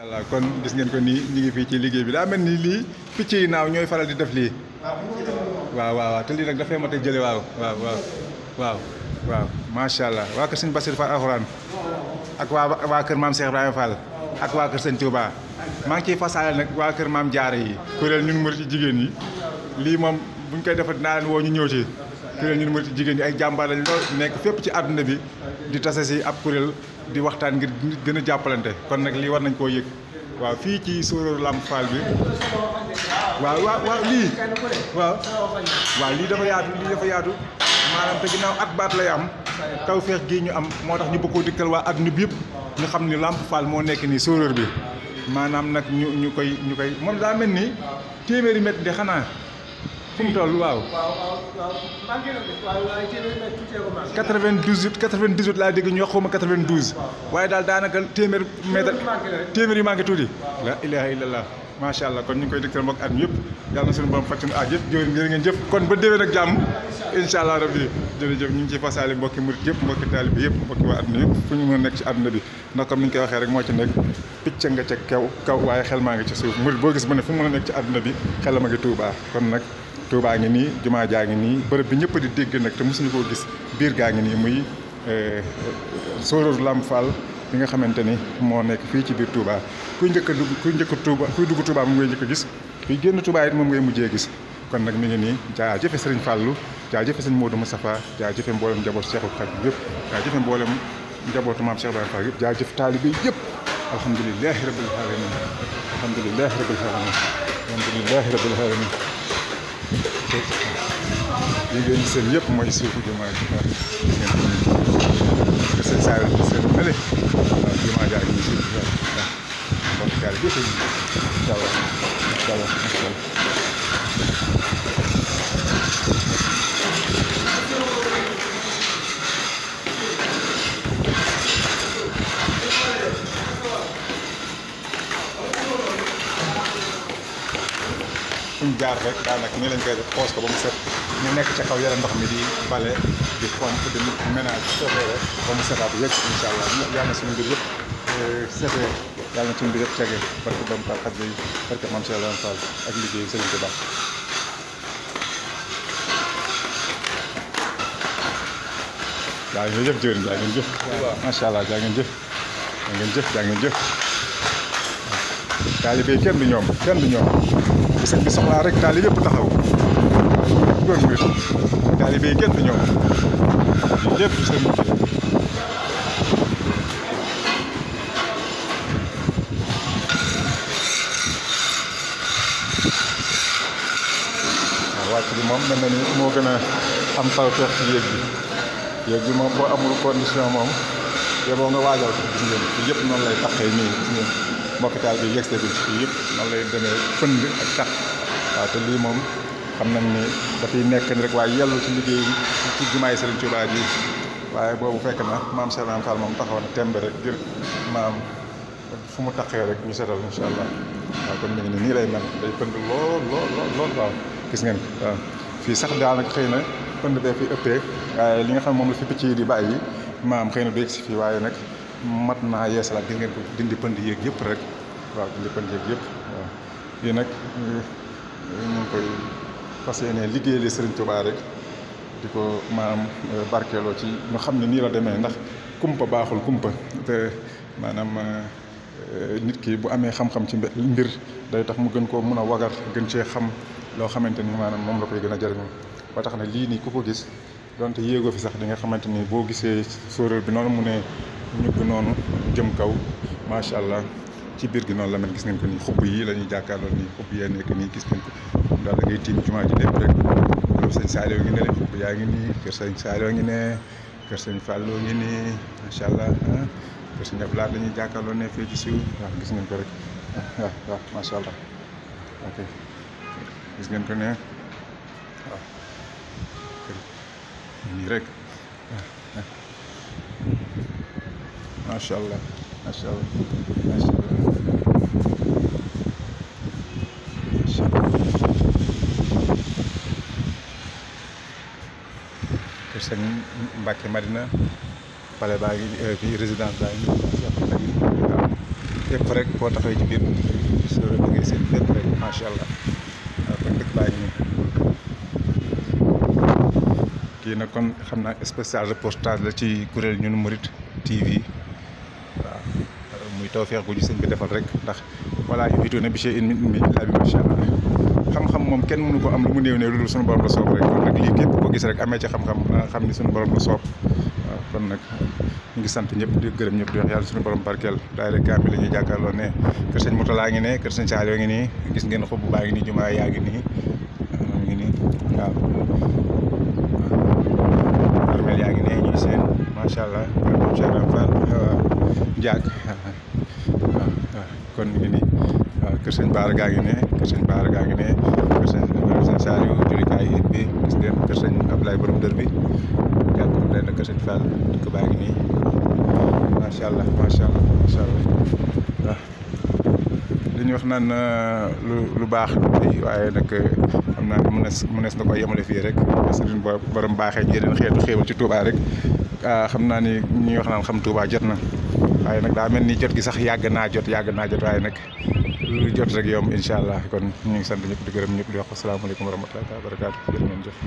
allah kon gis ngeen ko nii ñu ngi fii ci liggéey bi daa mel ni lii picc yi naaw ñooy faral di def lii waaw waaw waaw te lii nag dafay mat a jële waaw waaw waaw waaw waaw macha allah waa kër sëñ Bassirou Fall alxuraan ak waa waa kër maam Cheikh Ibrahima Fall ak waa kër nag waa kër maam Jaara yi kuréel ñun murit ci jigéen yi lii moom buñ koy defat naa leen woo ñu ñëw ci kuréel ñun murit ci jigéen yi ay jàmbaar lañ lool nekk fépp ci àdduna bi di tase si ab kuréel di waxtaan ngir gën a jàppalante kon nag lii war nañ koo yëg waaw fii ci Soror làmp Fall bi waaw waaw lii waaw waaw lii dafa yaatu lii dafa yaatu maanaam te ginnaaw at baat lay am tawfeex gii ñu am moo tax ñu bëggoo dikkal waa adduna bi yëpp ñu xam ni Lamp Fall moo nekk nii Soror bi maanaam nag ñu ñu koy ñu koy moom daa mel ni téeméeri mètre di xanaa fi mu toll waaw. waaw waaw manqué na ko waaye waaye téeméer bi nag tuuti ko manqué. 98 98 laa dégg ñu wax xaw ma 92. waaye daal daanaka téeméer. mètre téeméer yu manqué tuuti. waaw la ilaha illallah. macha allah kon ñu ngi koy dëkkal mbokk at mi yëpp yàlla na suñu borom kon ba déwén jàmm incha allah rabbi jërëjëf ñu ngi ciy fasaale mbokki murit yëpp mbokki taalib bi yëpp mbokki waa àdduna a nekk ci àdduna bi ndax comme ni ñu koy waxee rek moo ci nekk picc nga ca kaw kaw waaye xel maa ngi ci suuf boo gis mu ne fu mu mën a nekk ci àdduna bi xel ma ngi tuubaa kon nag Touba ngi nii jumaa jaa ngi nii bërëb bi ñëpp di dégg nag te mosuñu koo gis biir gaa ngi nii muy eh, eh, Soror Lam Fall bi nga xamante ni moo nekk fii ci biir Touba kuy njëkk a dugg kuy njëkk a Touba kuy dugg Touba moom ngay njëkk gis kuy génn Touba it moom ngay mujjee gis kon nag mi ngi nii jaa jëfe Sëriñ Fàllu jaa jëfe Sëriñ Moodu Moustapha jaa jëfe mboolem njaboot Seexu Xaadim yëpp jaa jëfe mboolem njabootu maam Cheikh Ibrahima Fall yëpp jaa jëf taalibe yëpp alhamdulilahi rabbil alamin alhamdulilahi rabbil alamin alhamdulilahi rabbil alamin li ngeen seen yëpp mooy suufu jumaa ji ak seen parce que seen saa yor seen bële waaw jumaa jaa ngi si fuñ jaar rek daanaka nii lañ koy def xoos ko ba mu set ñu nekk ca kaw yore ndox mi di bale di pompe di ménage soofee rek ba mu setaat wécc incha allah yàlla na suñu mbir yëpp euh, setee yàlla na suñu mbir yëpp tege barke doom Fall xaj yi barke Mame Cheikh Ibrahima Fall ak liggéey Serigne Touba jaa ngeen jëf jërëjëf jaa ngeen jëf macha allah jaa ngeen jëf jaa ngeen jëf jaa ngeen jëf taalibe kenn du ñoom kenn du ñoom sëñ bi soxlaa rek taalibe yëpp taxaw doon mbir taalibe kenn du ñoom lépp sëñ bi waaw wàcc bi moom mel na ni moo gën a am taw feex ci yéeg bi yéeg bi moom boo amul condition moom te boo nga waajal ko yëpp noonu lay taqee nii gis bi yegste bi fii yëpp noonu lay demee fënd ak taq waaw te lii moom xam nañ ni dafay nekk ni rek waaye yellu ci liggéey ci jumaay Sëriñ Tuubaa ji waaye boobu fekk na maam Serigne Fall moom taxaw na tembe rek ngir maam fu mu taqee rek ñu setal incha allah kon mi ngi nii nii lay gis ngeen fii sax daanaka xëy na pënd bee fi ëppee waaye li nga xam moom la fi picc yi di bàyyi maam xëy na du yegg si fii waaye nag mat naa yeesalaat gis ngeen ko dindi pënd yeeg yëpp rek waaw dindi pënd yeeg yëpp waaw lii nag ñu koy fas yéene liggéeyal Serigne rek di ko maanaam euh, barkeeloo ci ñu xam ne nii la demee ndax kumpa baaxul kumpa te maanaam euh, nit ki bu amee xam-xam ci mbir day tax mu gën koo mun a wagar gën cee xam loo xamante ni maanaam moom la koy gën a jëriñoo ba tax na lii nii ku ko gis. donte yéegoo fi sax di nga xamante ni boo gisee sóoral bi noonu mu ne ñubb noonu jëm kaw macha allah ci biir gi noonu la mel gis ngeen ko nii xubb yi la ñuy jàkkaarloo nii xubb yee nekk nii gis ngeen ko daal da ngay tiim jumaa ji lépp rek yaa ngi nii kër sëñ Saliou ngi ne kër sëñ Fallou ngi nii macha allah ah. kër sëñ Abdoulaye la ñuy ne fee ci siw gis ngeen ko rek waaw ah, ah, waaw macha allah ok gis ngeen ko ne waaw nii rek macha allah macha allah macha allah kër sëñ Mbacke Madina pale baa ngi euh, fii résidence baa ngi yëpp rek boo taxawee ci biir soo da ngay seen fépp rek macha allah waaw kon dëkk baa ngi nii kii nag comme xam naa spécial reportage la ci kuréel ñun Murit TV waaw muy tawfeex gu ñu sëñ bi defal rek ndax voilà yubituuna bi shay'in min ilmihi illaa bihi macha allah xam-xam moom kenn mënu ko am lu mu néew ne lu dul suñu borom la soob rek kon nag ko gis rek amee xam-xam nga ah, xam ni suñu borom la nag ñu ñëpp di gërëm ñëpp di wax yàlla suñu borom barkeel daay rek kaamil la ñuy jàkkaarloo ne kër sëñ Murtala ngi ne kër sëñ Saaloo ngi nii gis ngeen xob baa ngi nii jumaa yaa ngi nii jak kon mi ngi nii waaw kër sëñ baara gaa ngi ne kër sëñ baara gaa ngi ne kër sëñ sëñ saaliw julikaay bi gis ngeen kër sëñ bi kër sëñ fall nii macha allah macha allah macha allah waaw wax naan lu lu baax tey waaye nag xam naa ne mënees mënees na ko yemale fii rek sëriñ borom baaxee yeneen xeetu xéewal ci Touba rek ah, xam ni ñuy wax naan xam Touba jot na waaye nag mel ni jot gi sax yàgg naa jot yàgg na jot waaye nag lu jot rek yomb incha allah kon ñu ngi sant ñëpp di gërëm ñëpp di wax asalaamaaleykum wa rahmatulah wa barakaatu jërë ngeen jëf